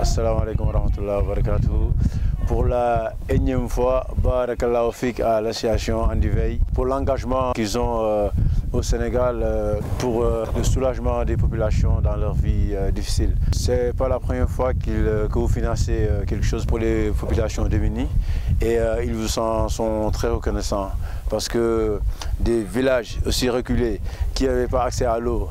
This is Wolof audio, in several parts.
Assalamu alaikum wa rahmatullahi wa Pour la énième fois, Barakallahu Fik à l'association Andivei, pour l'engagement qu'ils ont euh, au Sénégal euh, pour euh, le soulagement des populations dans leur vie difficile. C'est pas la première fois qu'ils que vous financez quelque chose pour les populations démunies et ils vous en sont très reconnaissants parce que des villages aussi reculés qui n'avaient pas accès à l'eau,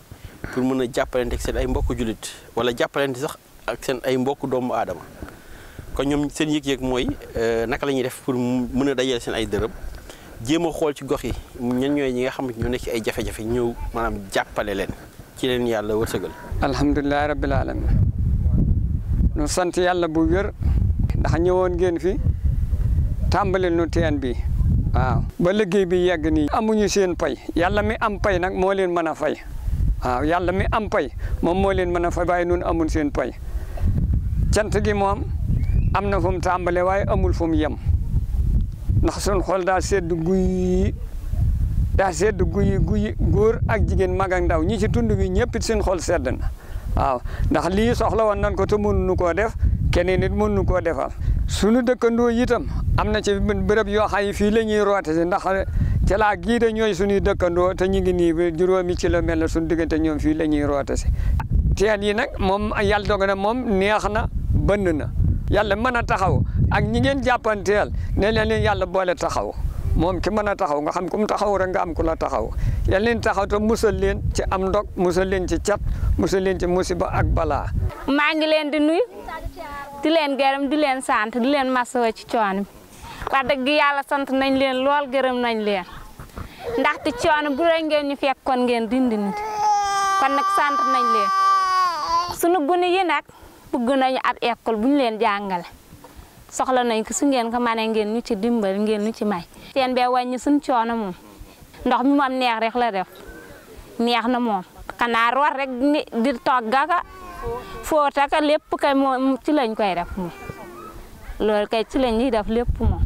pour mën a jàppalante ak seen ay mbokk wala jàppalante sax ak seen ay mbokk doomu aadama kon ñoom seen yëg-yëg mooy euh, naka la ñuy def pour mën a dajale seen ay dërëm jéem a xool ci gox yi ñan ñoo ñi nga xam ne ñu nekk ay jafe-jafe ñëw maanaam jàppale leen ci leen yàlla wërsëgal. alhamdulilah rabbil alamin nu sant yàlla bu wér ndax ñëwoon ngeen fi tàmbali nu teen bi waaw. ba liggéey bi yàgg nii. amuñu seen pay yàlla mi am pay nag moo leen mën a fay. waaw yàlla mi am pay moom moo leen mën a fay waaye nun amul seen pay cant gi moom am na fu mu tàmbale waaye amul fu mu yem ndax sun xol daa sedd guyi daa sedd guyi guyi góor ak jigéen mag ak ndaw ñi ci tund bi ñëpp it seen xol sedd na waaw ndax lii soxla woon nan ko te mënuñu koo def keneen nit nu koo defal sunu dëkkandoo itam am na ci bërëb yoo xam ne fii la ñuy si ndax Jala gii de ñooy suñuy dëkkandoo te ñu ngi nii ba juróomi kilomètre la suñu diggante ñoom fii la ñuy te si teen yi nag moom yàlla dogal na moom neex na bënn na yàlla mën a taxaw ak ñi ngeen jàppanteel ne leen leen yàlla boole taxaw moom ki mën a taxaw nga xam ku taxaw rek nga am ku la taxaw yàlla leen taxaw te musal leen ci am ndog musal leen ci cat musal leen ci musiba ak balaa. maa ngi leen di nuyu di leen gërëm di leen sant di leen masawa ci wax dëgg yalla sant nañ leen lol gërëm nañ leen ndaxte coono bu rëy ngeen ñu fekkon ngeen dindi nit kon nak sant nañ leen suñu gune yi nak bëgg nañ at école buñ leen jangal soxla nañ ko su ngeen ko mané ngeen ñu ci dimbal ngeen ñu ci may. seen be wañu suñu coono mom ndax mi moom neex rek la def neex na mom kana root rek di tok gaga fo ka lepp kay moom ci lañ koy def moom lol kay ci lañ ñuy def lepp moom.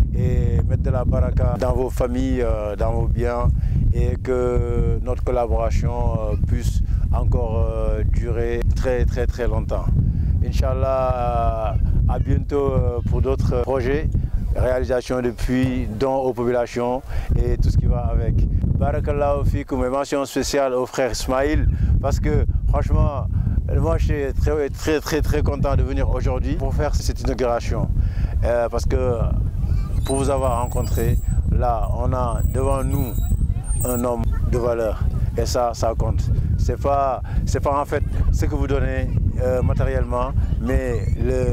et mettre de la baraka dans vos familles, euh, dans vos biens et que notre collaboration euh, puisse encore euh, durer très très très longtemps. Inch'Allah, à bientôt pour d'autres projets, réalisations de puits, dons aux populations et tout ce qui va avec. au Fikou, une mention spéciale au frère Ismail parce que franchement, moi je suis très très très très content de venir aujourd'hui pour faire cette inauguration parce que pour vous avoir rencontré. Là, on a devant nous un homme de valeur. Et ça, ça compte. Ce n'est pas, pas en fait ce que vous donnez euh, matériellement, mais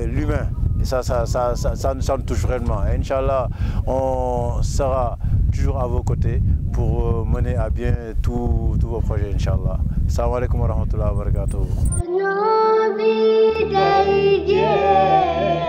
l'humain. Ça ça, ça, ça, nous, ça touche vraiment. Et Inch'Allah, on sera toujours à vos côtés pour euh, mener à bien tous vos projets, Inch'Allah. Salam alaikum wa wa